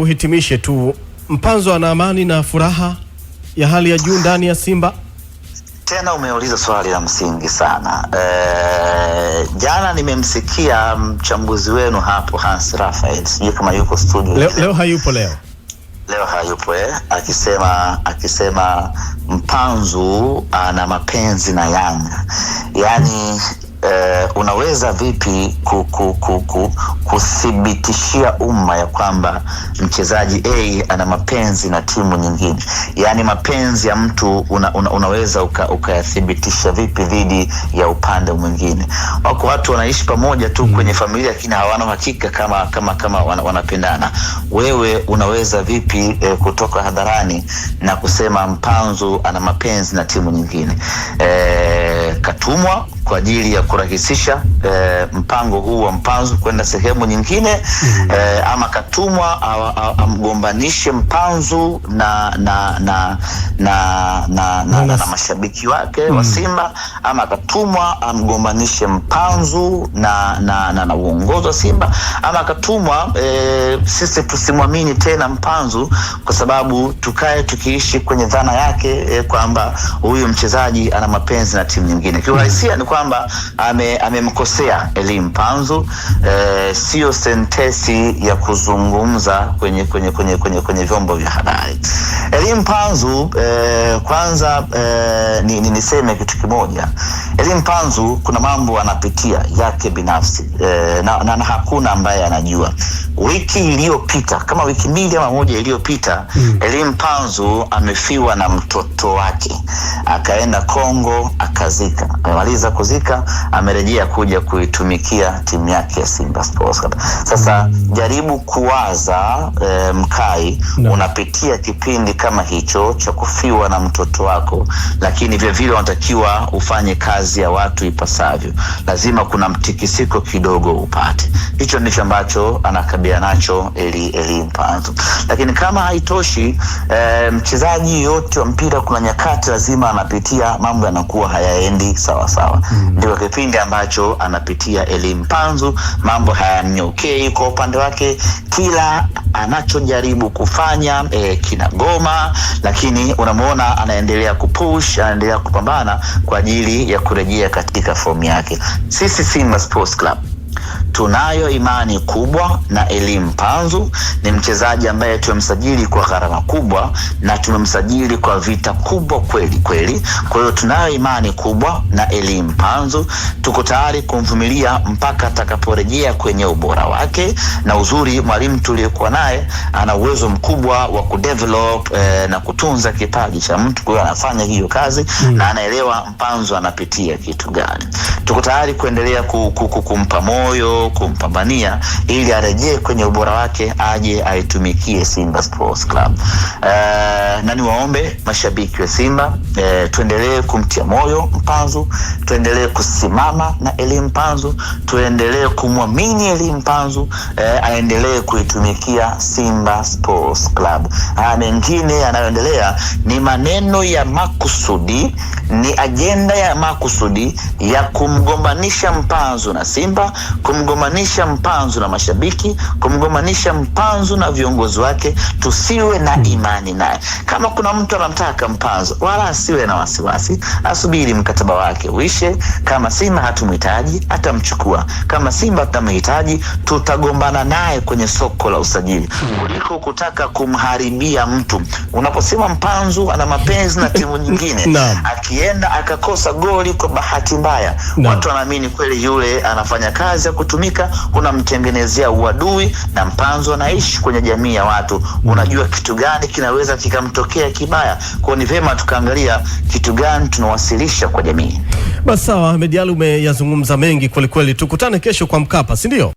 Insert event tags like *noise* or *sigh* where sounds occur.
Uhitimishe tu Mpanzo, ana amani na furaha ya hali ya juu ndani ya Simba. Tena umeuliza swali la msingi sana. E, jana nimemsikia mchambuzi wenu hapo Hans Rafael, sijui kama yuko studio leo, leo hayupo leo leo hayupo eh, akisema akisema Mpanzu ana mapenzi na Yanga, yaani eh, unaweza vipi kuthibitishia umma ya kwamba mchezaji A ana mapenzi na timu nyingine? Yaani mapenzi ya mtu una, una, unaweza ukayathibitisha uka vipi dhidi ya upande mwingine? Wako watu wanaishi pamoja tu kwenye mm. familia lakini hawana uhakika kama, kama, kama wanapendana. Wewe unaweza vipi eh, kutoka hadharani na kusema Mpanzu ana mapenzi na timu nyingine eh, watumwa kwa ajili ya kurahisisha e, mpango huu wa mpanzu kwenda sehemu nyingine mm. E, ama katumwa amgombanishe mpanzu na na na na, na, na, na, na mashabiki wake mm. wa mm-hmm. Simba ama akatumwa amgombanishe mpanzu na na, na, na uongozi wa Simba ama akatumwa e, eh, sisi tusimwamini tena mpanzu kwa sababu tukae tukiishi kwenye dhana yake e, kwamba huyu mchezaji ana mapenzi na timu nyingine Kiwa kiuhalisia ni kwamba amemkosea ame elimu Panzu e, eh, siyo sentesi ya kuzungumza kwenye, kwenye, kwenye, kwenye, kwenye vyombo vya habari. elimu Panzu e, eh, kwanza e, niseme ni kitu kimoja Edwin Panzu kuna mambo anapitia yake binafsi e, na, na, na hakuna ambaye anajua. Wiki iliyopita kama wiki mbili ama moja iliyopita mm. Edwin Panzu amefiwa na mtoto wake, akaenda Kongo akazika, amemaliza kuzika, amerejea kuja kuitumikia timu yake ya Simba Sports Club. Sasa mm. jaribu kuwaza e, mkai no. unapitia kipindi kama hicho cha kufiwa na mtoto wako, lakini vilevile unatakiwa ufanye kazi kazi ya watu ipasavyo, lazima kuna mtikisiko kidogo upate. Hicho ndicho ambacho anakabia nacho Eli, Eli Mpanzu. Lakini kama haitoshi e, mchezaji yote wa mpira kuna nyakati lazima anapitia mambo yanakuwa hayaendi sawa sawa, mm. -hmm. kipindi ambacho anapitia Eli Mpanzu, mambo hayamnyokei kwa upande wake, kila anachojaribu kufanya e, eh, kinagoma, lakini unamwona anaendelea kupush, anaendelea kupambana kwa ajili ya kurejea katika fomu yake. Sisi Simba Sports Club Tunayo imani kubwa na elimu panzu. Ni mchezaji ambaye tumemsajili kwa gharama kubwa na tumemsajili kwa vita kubwa kweli kweli. Kwa hiyo tunayo imani kubwa na elimu panzu, tuko tayari kumvumilia mpaka atakaporejea kwenye ubora wake. Na uzuri mwalimu tuliyokuwa naye ana uwezo mkubwa wa kudevelop eh, na kutunza kipaji cha mtu. Kwa hiyo anafanya hiyo kazi mm, na anaelewa mpanzu anapitia kitu gani tuko tayari kuendelea kumpa moyo, kumpambania ili arejee kwenye ubora wake, aje aitumikie Simba Sports Club. Uh, na niwaombe mashabiki wa Simba uh, tuendelee kumtia moyo Mpanzu, tuendelee kusimama na Elie Mpanzu, tuendelee kumwamini Elie Mpanzu uh, aendelee kuitumikia Simba Sports Club. Uh, mengine yanayoendelea ni maneno ya makusudi ni ajenda ya makusudi ya kumgombanisha Mpanzu na Simba, kumgombanisha Mpanzu na mashabiki, kumgombanisha Mpanzu na viongozi wake. Tusiwe na imani naye. Kama kuna mtu anamtaka Mpanzu, wala asiwe na wasiwasi, asubiri mkataba wake uishe. Kama Simba hatumhitaji, atamchukua. Kama Simba tutamhitaji, tutagombana naye kwenye soko la usajili, kuliko kutaka kumharibia mtu. Unaposema Mpanzu ana mapenzi na timu nyingine *laughs* akienda akakosa goli kwa bahati mbaya no. Watu wanaamini kweli yule anafanya kazi ya kutumika, unamtengenezea uadui na mpanzo, anaishi kwenye jamii ya watu mm. Unajua kitu gani kinaweza kikamtokea kibaya kwao, ni vyema tukaangalia kitu gani tunawasilisha kwa jamii. Basi sawa, Ahmed Ally umeyazungumza mengi kwelikweli, tukutane kesho kwa Mkapa, si ndio?